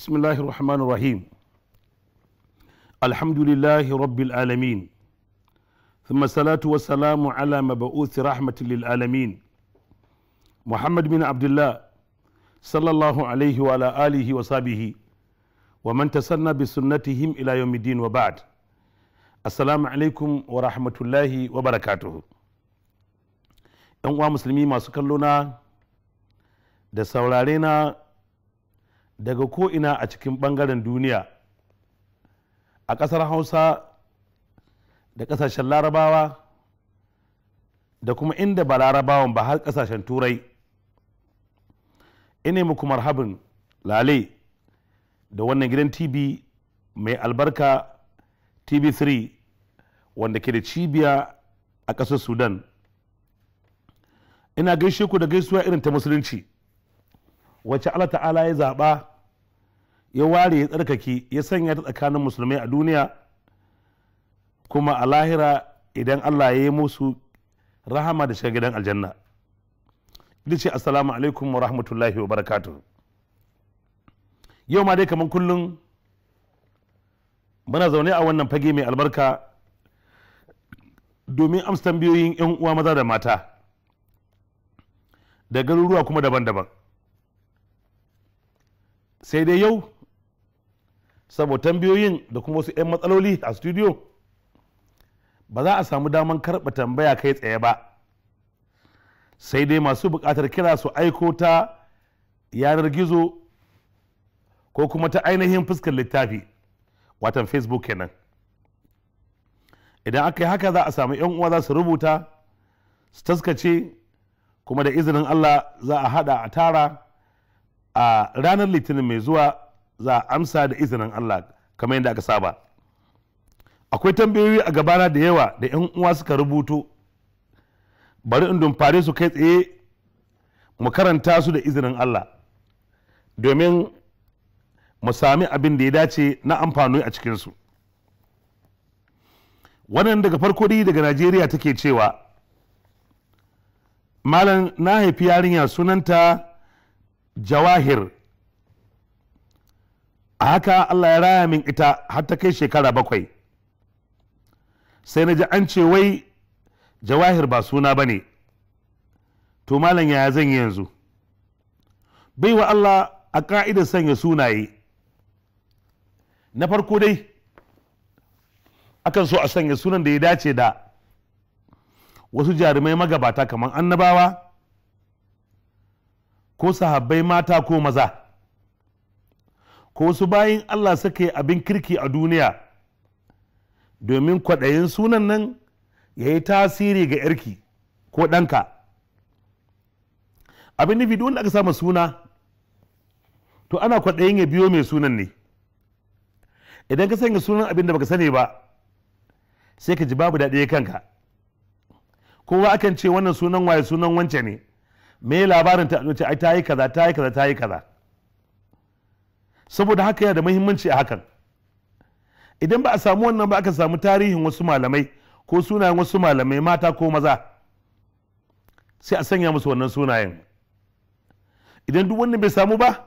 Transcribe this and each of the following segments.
بسم الله الرحمن الرحيم الحمد لله رب العالمين ثم الصلاة والسلام على مبعوث رحمة للعالمين محمد بن عبد الله صلى الله عليه وعلى آله وصحبه ومن تسنى بسنتهم إلى يوم الدين وبعد السلام عليكم ورحمة الله وبركاته ‘yan uwa musulmi masu kallona da saurare na daga ko'ina a cikin ɓangaren duniya a ƙasar hausa da ƙasashen larabawa da kuma inda ba larabawan ba har ƙasashen turai ina muku marhabin lale da wannan gidan tv mai albarka tv3 wanda ke da cibiya a ƙasar sudan ina gaishe ku da gaisuwa irin ta musulunci wacce allah ta'ala ya zaɓa ya ware ya tsarkake ya sanya ta tsakanin musulmai a duniya kuma a lahira idan Allah ya yi musu rahama da shiga gidan aljanna ita ce assalamu alaikum wa rahmatullahi wa barakatun yau ma dai kamar kullum muna zaune a wannan fage mai albarka domin amsa tambayoyin 'yan uwa maza da mata da garuruwa kuma daban-daban sai dai yau saboda tambayoyin da kuma wasu 'yan matsaloli a studio ba za a samu daman karɓa tambaya kai tsaye ba sai dai masu buƙatar kira su aiko ta yanar gizo ko kuma ta ainihin fuskar littafi watan facebook kenan idan aka yi haka za a samu 'yan uwa za su rubuta su taskace kuma da izinin allah za a hada a tara a ranar litinin mai zuwa za a amsa da izinin Allah kamar yadda aka saba akwai tambayoyi a gabana da yawa da yan uwa suka rubuto bari in dumfare su kai tsaye mu karanta su da izinin Allah domin mu sami abin da ya dace na amfani a cikinsu wannan daga farko dai daga najeriya take cewa malam na haifi yarinya sunanta jawahir a haka Allah ya raya min ita har ta kai shekara bakwai sai na ji an ce wai jawahir ba suna ba ne to malam yaya zan yi yanzu bai wa Allah a ka'idar sanya sunaye na farko dai akan so a sanya sunan da ya dace da wasu jarumai magabata kamar annabawa ko sahabbai mata ko maza ko su bayin Allah suka yi abin kirki a duniya domin kwaɗayin sunan nan ya yi tasiri ga yarki ko ɗanka abin nufi duk wanda aka sama suna to ana kwaɗayin ya biyo mai sunan ne idan ka sanya sunan abin da baka sani ba sai ka ji babu daɗi kanka kowa akan ce wannan sunan waye sunan wance ne me labarin ta ce ai ta yi kaza ta yi kaza ta yi kaza saboda haka yana da muhimmanci a hakan idan ba a samu wannan ba aka samu tarihin wasu malamai ko sunayen wasu malamai mata ko maza sai a sanya musu wannan sunayen idan duk wannan bai samu ba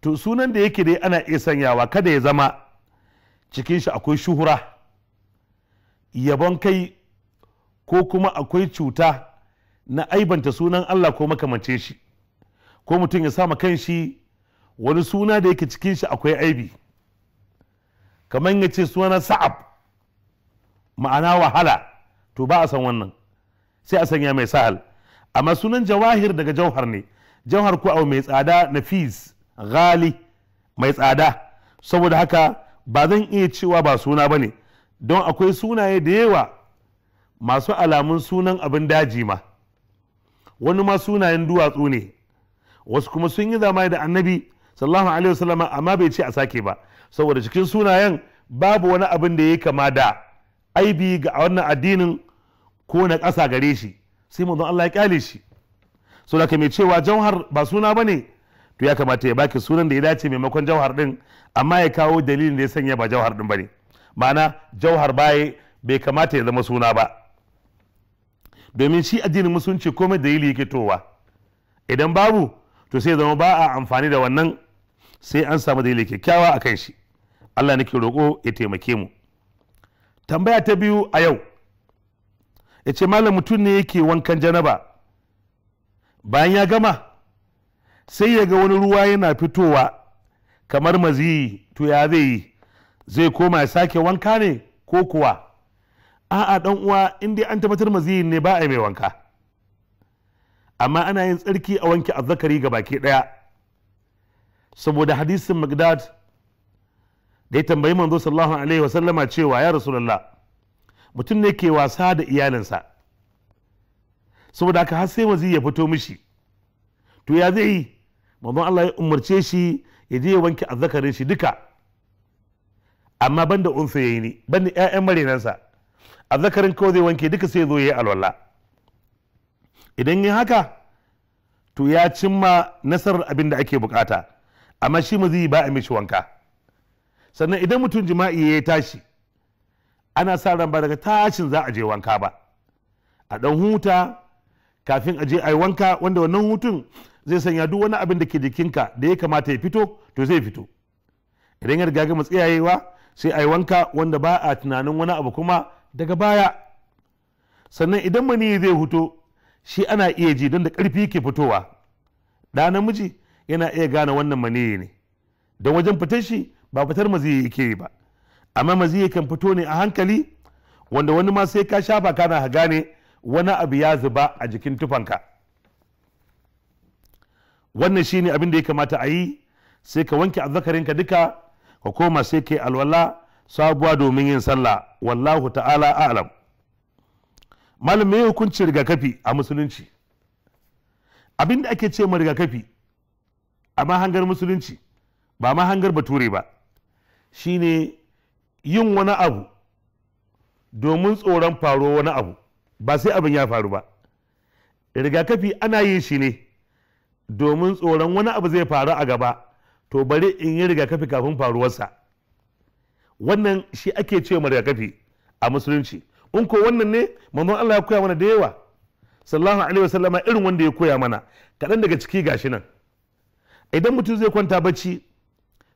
to sunan da yake dai ana iya sanyawa kada ya zama cikin shi akwai shuhura yabon kai ko kuma akwai cuta na aibanta sunan Allah ko makamance shi ko mutum ya sama kan shi wani suna da yake cikin shi akwai aibi kamar ya ce suna sa'ab ma'ana wahala to ba a san wannan sai a sanya mai sahal amma sunan jawahir daga jauhar ne jauhar ko mai tsada nafis ghali mai tsada saboda haka ba zan iya cewa ba suna ba ne don akwai sunaye da yawa masu alamun sunan abin daji ma wani ma sunayen duwatsu ne wasu kuma sun yi zama da annabi sallallahu alaihi wasallama amma bai ce a sake ba saboda cikin sunayen babu wani abin da ya kama da aibi ga wannan addinin ko na ƙasa gare shi sai mu Allah ya kyale shi so da mai cewa jauhar ba suna bane to ya kamata ya baki sunan da ya dace maimakon jauhar din amma ya kawo dalilin da ya sanya ba jauhar din bane ma'ana jauhar baye bai kamata ya zama suna ba domin shi addinin musulunci komai dalili yake towa idan babu to sai zama ba a amfani da wannan sai an samu dalili kyakkyawa a kan shi Allah nake roƙo ya taimake mu tambaya ta biyu a yau ya ce malam mutum ne yake wankan janaba bayan ya gama sai ya ga wani ruwa yana fitowa kamar maziyi to ya zai yi zai koma ya sake wanka ne ko kuwa a'a dan uwa in dai an tabbatar maziyin ne ba a yi mai wanka amma ana yin tsarki a wanke azzakari ga baki ɗaya. saboda hadisin magdad da ya tambayi manzo sallallahu alaihi wa sallama cewa ya rasulullah mutum ne ke wasa da iyalinsa saboda haka har sai wazi ya fito mishi to ya zai yi manzon Allah ya umarce shi ya je ya wanke azzakarin shi duka amma banda unsa yayi ne banda ƴaƴan marenansa azzakarin kawai zai wanke duka sai zo yayi alwala idan yin haka to ya cimma nasarar abin da ake bukata amma shi mu zai ba a mishi wanka sannan idan mutum jima'i ya tashi ana sa ran ba daga tashin za a je wanka ba a dan huta kafin a je a wanka wanda wannan hutun zai sanya duk wani abin da ke jikinka da ya kamata ya fito to zai fito idan ya riga gama tsayayewa sai a wanka wanda ba a tunanin wani abu kuma daga baya sannan idan mani zai huto shi ana iya ji don da ƙarfi ke fitowa da namiji yana iya gane wannan maniyi ne don wajen fitar shi ba fitar maziyi yake yi ba amma maziyi kan fito ne a hankali wanda wani ma sai ka shafa kana gane wani abu ya zuba a jikin tufanka wannan shine abin da ya kamata a yi sai ka wanke azzakarinka duka ka koma sai ka yi alwala sabuwa domin yin sallah wallahu ta'ala a'lam malam me hukuncin rigakafi a musulunci abin da ake ce ma rigakafi a mahangar musulunci ba mahangar bature ba shine yin wani abu domin tsoron faro wani abu ba sai abin ya faru ba rigakafi ana yin shi ne domin tsoron wani abu zai faru a gaba to bari in yi rigakafi kafin faruwarsa wannan shi ake ce ma rigakafi a musulunci in ko wannan ne manzon Allah ya koya mana da yawa sallallahu alaihi wasallama irin wanda ya koya mana kaɗan daga ciki gashi nan idan mutum zai kwanta bacci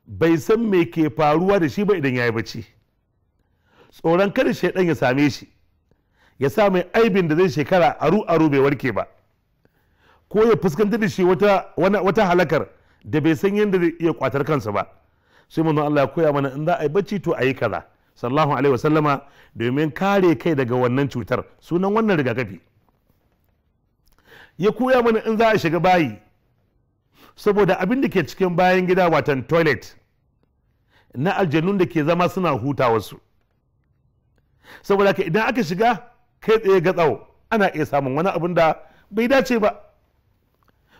bai san me ke faruwa da shi ba idan ya yi bacci tsoron kada shaidan ya same shi ya sa mai aibin da zai shekara aru aru bai warke ba ko ya fuskanta da shi wata halakar da bai san yadda zai iya kwatar kansa ba sai manzon Allah ya koya mana in za a yi bacci to a yi kaza sallallahu alaihi wasallama domin kare kai daga wannan cutar sunan wannan rigakafi ya koya mana in za a shiga bayi saboda abin da ke cikin bayan gida watan toilet na aljanun da ke zama suna huta wasu saboda ka idan aka shiga kai tsaye ga tsawo ana iya samun wani abin da bai dace ba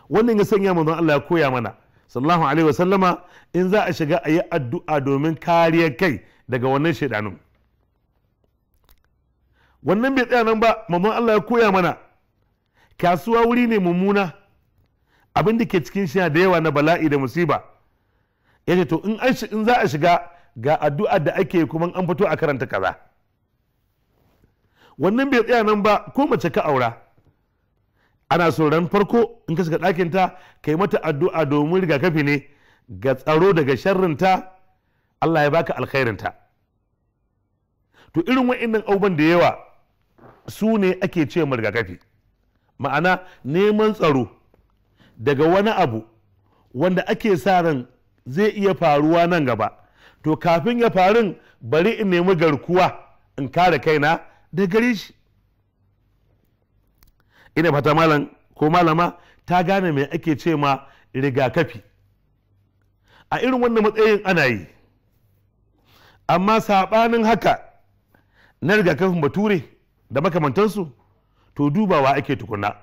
wannan ya sanya manzon Allah ya koya mana sallallahu alaihi wasallama in za a shiga a yi addu'a domin kariyar kai daga wannan shaidanun wannan bai tsaya nan ba manzon Allah ya koya mana kasuwa wuri ne mummuna abin da ke cikin shi da yawa na bala'i da musiba yace to in an in za a shiga ga addu'a da ake kuma an fito a karanta kaza wannan bai tsaya nan ba ko mace ka aura ana so farko in ka shiga ɗakin ta kai mata addu'a domin rigakafi ne ga tsaro daga sharrinta Allah ya baka alkhairinta to irin wa'annan abubuwan da yawa su ne ake ce rigakafi ma'ana neman tsaro daga wani abu wanda ake sa ran zai iya faruwa nan gaba to kafin ya farin bari in nemi garkuwa in kare kaina da gare shi ina fata malam ko malama ta gane mai ake ce ma rigakafi a irin wannan matsayin ana yi amma saɓanin haka na rigakafin bature da makamantansu to dubawa ake tukuna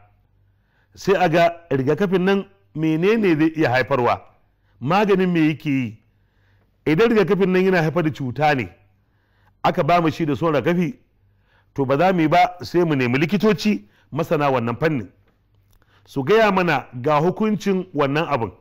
sai a ga rigakafin nan menene zai iya haifarwa maganin me yake yi idan rigakafin nan yana haifar da cuta ne aka ba mu shi da son rigakafi to ba za mu yi ba sai mu nemi likitoci masana wannan fannin su gaya mana ga hukuncin wannan abin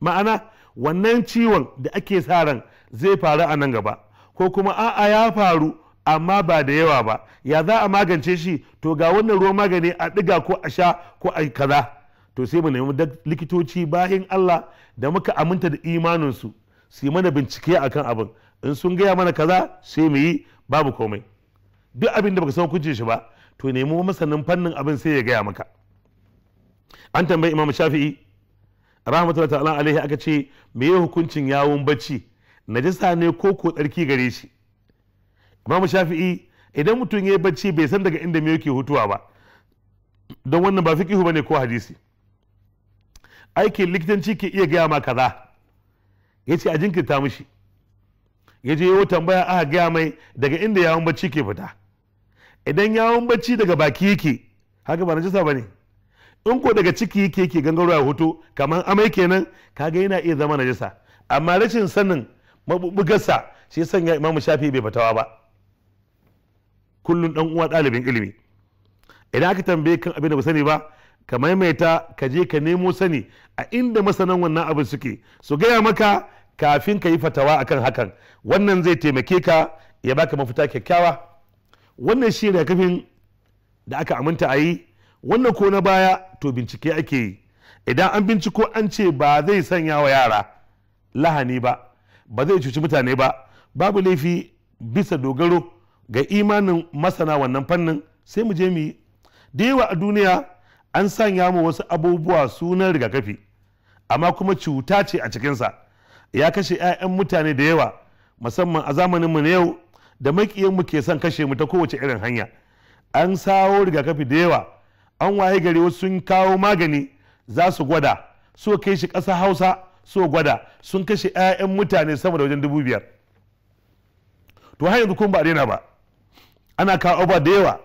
ma'ana wannan ciwon da ake sa ran zai faru a nan gaba ko kuma a'a ya faru amma ba da yawa ba ya za a magance shi to ga wannan ruwan magani a ɗiga ko a sha ko a kaza to sai mu nemi likitoci bayan Allah da muka aminta da imaninsu su yi mana bincike a kan abin in sun gaya mana kaza sai mu yi babu komai duk abin da baka san kuce shi ba to nemi masanin fannin abin sai ya gaya maka an tambayi imam shafi'i rahmatullahi ta'ala alaihi aka ce me hukuncin yawon bacci najasa ne ko ko tsarki gare shi imam shafi'i idan mutum ya yi bacci bai san daga inda me yake hutuwa ba don wannan ba ba bane ko hadisi aikin likitanci ke iya gaya ma kaza yace a jinkirta mishi ya je yau tambaya aka gaya mai daga inda yawon bacci ke fita idan yawon bacci daga baki yake haka ba ba bane in ko daga ciki yake yake gangaro ya hoto kamar amai kenan kaga yana iya zama najisa amma rashin sanin mabubugarsa shi sanya imamu shafi bai fatawa ba kullum dan uwa ɗalibin ilimi idan aka tambaye kan abin da ba sani ba ka maimaita ka je ka nemo sani a inda masanan wannan abin suke su gaya maka kafin ka yi fatawa akan hakan wannan zai taimake ka ya baka mafita kyakkyawa wannan shi da kafin da aka aminta a yi wannan ko na baya to bincike ake yi idan an binciko an ce ba zai sanya wa yara lahani ba ba zai cuci mutane ba babu laifi bisa dogaro ga imanin masana wannan fannin sai mu je mu yi da yawa a duniya an sanya mu wasu abubuwa sunan rigakafi amma kuma cuta ce a cikinsa ya kashe 'ya'yan mutane da yawa musamman a zamanin mu na yau da mu ke son kashe mu ta kowace irin hanya an sawo rigakafi da yawa an waye gari wasu sun kawo magani za su gwada su kai shi ƙasa hausa su gwada sun kashe 'ya'yan mutane sama da wajen dubu biyar to har yanzu kun ba daina ba ana kawo ba da yawa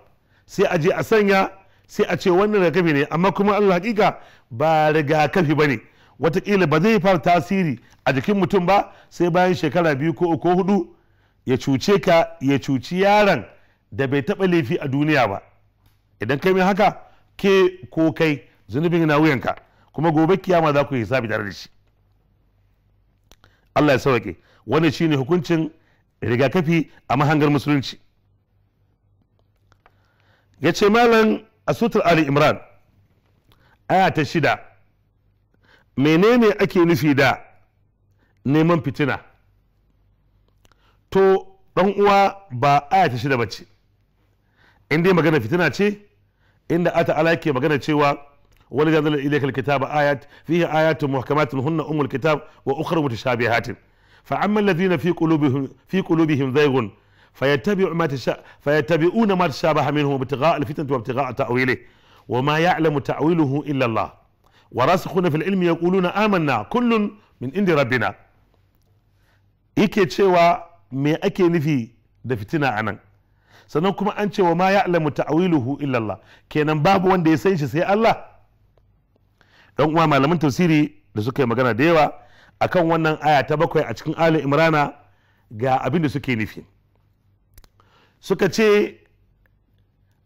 sai a je a sanya sai a ce wannan rigakafi ne amma kuma allah hakika ba rigakafi ba ne watakila ba zai fara tasiri a jikin mutum ba sai bayan shekara biyu ko uku hudu ya cuce ka ya cuci yaran da bai taɓa laifi a duniya ba idan kai mai haka ke ko kai zunubin na wuyanka kuma gobe kiyama za ku yi hisabi tare da shi allah ya sauke wannan shine hukuncin rigakafi a mahangar musulunci yace ce malam a sutar ali imran aya ta shida menene ake nufi da neman fitina to ɗan uwa ba aya ta shida ba ce inda magana fitina ce inda ata ala ke magana cewa wani zanzala ilaika ba ayat fihi ayatun muhkamatun hunna umul kitab wa ukhra mutashabihatin fa amma alladhina fi qulubihim fi qulubihim zaygun فيتبعون ما تشاء فيتبعون ما تشابه منه ابتغاء الفتنة وابتغاء تأويله وما يعلم تأويله إلا الله وراسخون في العلم يقولون آمنا كل من عند ربنا yake cewa me ake nufi da fitina a sannan kuma an cewa ma ya'lamu ta'wiluhu illa Allah kenan babu wanda ya san shi sai Allah dan uwa malaman tafsiri da suka yi magana da yawa akan wannan aya ta bakwai a cikin Ali Imrana ga abinda suke nufi suka ce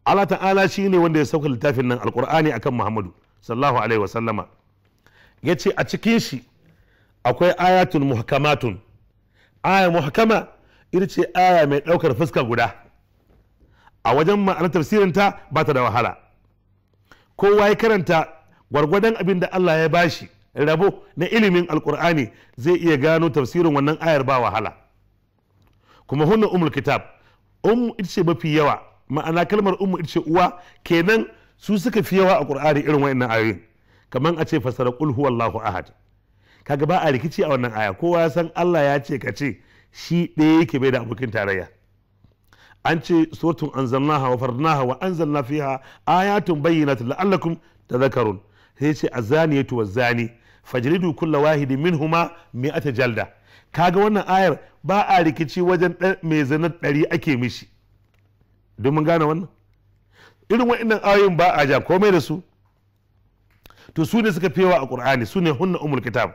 Allah ta'ala shi ne wanda ya sauka littafin nan alkur'ani akan Muhammadu sallallahu alaihi wa sallama ya ce a cikin shi akwai ayatun muhakamatun aya muhakama ita ce aya mai ɗaukar fuska guda a wajen ma'anar tafsirinta ba ta da wahala kowa ya karanta gwargwadon abin da Allah ya bashi rabo na ilimin alkur'ani zai iya gano tafsirin wannan ayar ba wahala kuma hunna umul kitab ummu ita ce mafi yawa ma'ana kalmar ummu ita ce uwa kenan su suka fi yawa a qur'ani irin wa'annan ayoyin kamar a ce fasara qul huwallahu ahad kaga ba a rikici a wannan aya kowa ya san Allah ya ce ka ce shi ɗaya yake bai da abokin tarayya an ce suratun anzalnaha wa farnaha wa anzalna fiha ayatun bayyinatun la'allakum tadhakkarun sai ce azaniyatu zani fajridu kulla wahidin minhuma mi'ata jalda kaga wannan ayar ba a rikici wajen mai zanar ɗari ake mishi don mun gane wannan irin waannan ayoyin ba a ja komai da su to su ne suka fewa a ƙur'ani su ne hunna umul kitab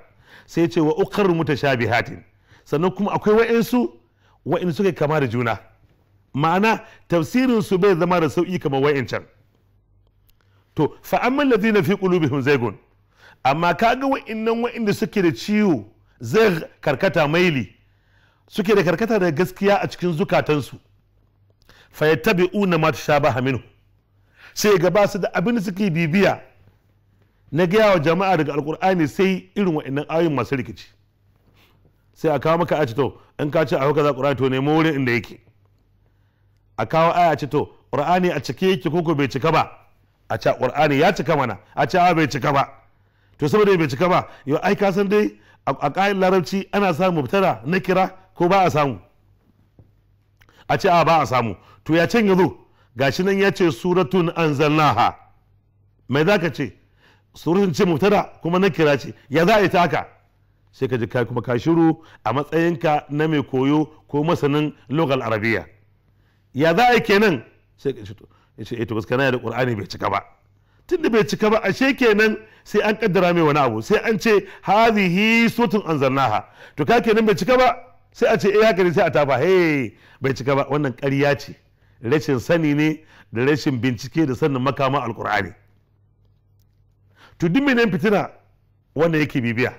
sai ce wa ukar mutashabihatin sannan kuma akwai wa'insu wa'in suka kama da juna ma'ana tafsirin su bai zama da sauki kamar can. to fa amma ladina fi qulubihim zaygun amma kaga wa'in da suke da ciwo zai karkata maili suke da karkata da gaskiya a cikin zukatansu Una ma shaba minhu sai ga ba su da abin da suke bibiya na gaya wa jama'a daga alkur'ani sai irin wa'annan ayoyin masu rikici sai a kawo maka a to in ka ce a hauka za ƙur'ani to nemo wurin inda yake a kawo aya ce to ƙur'ani a cike yake koko bai cika ba a ce ƙur'ani ya cika mana a ce a bai cika ba to saboda bai cika ba yau ai ka san dai a ƙa'in larabci ana samun mubtada na kira ko ba a samu a ce a ba a samu to ya can yazo gashi nan ya ce suratun anzalnaha mai za ka ce suratun ce mubtada kuma na kira ce ya za a yi ta haka sai ka ji kai kuma ka shiru a matsayinka na mai koyo ko masanin lokal arabiya ya za a yi kenan sai ka ce to ya eh, na da qur'ani bai cika ba tunda bai cika ba ashe kenan sai an kaddara mai wani abu sai an ce hazihi sutun anzarnaha to ka kenan bai cika ba sai a ce eh haka ne sai a tafa he bai cika ba wannan ƙarya ce rashin sani ne da rashin bincike da sannan makama alkur'ani to duk menen fitina wanda yake bibiya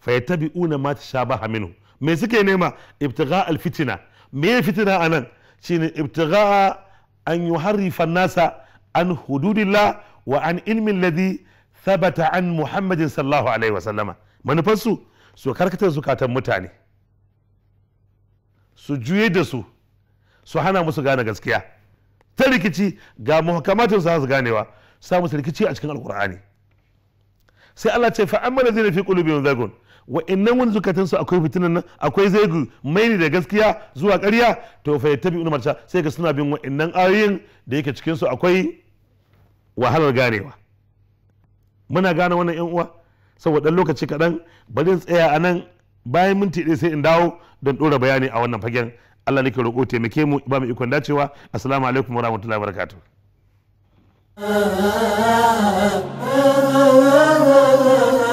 fa yattabi'una ma tashabaha minhu me suke nema ibtigha alfitina me fitina anan shine ibtigha an yuharrifa nasa an hududillah wa an ilmin ladhi thabata an muhammadin sallallahu alaihi sallama manufarsu su karkatar zukatan mutane su juye da su su hana musu gane gaskiya ta rikici ga muhakamatin su ganewa samu su rikici a cikin alkur'ani sai Allah ce fa amma zai fi qulubihim zagun wa nan wani zukatan akwai fitinan nan akwai mai maini da gaskiya zuwa ƙarya to fa yattabi umarta sai suna bin nan ayoyin da yake cikin su akwai wahalar ganewa muna gane wannan yan uwa saboda dan lokaci kaɗan bari in tsaya a nan bayan minti ɗaya sai in dawo don ɗora bayani a wannan fagen Allah nake roƙo taimake mu ba mu ikon dacewa assalamu alaikum wa rahmatullahi wa